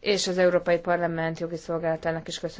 és az Európai Parlament jogi szolgálatának is köszönöm.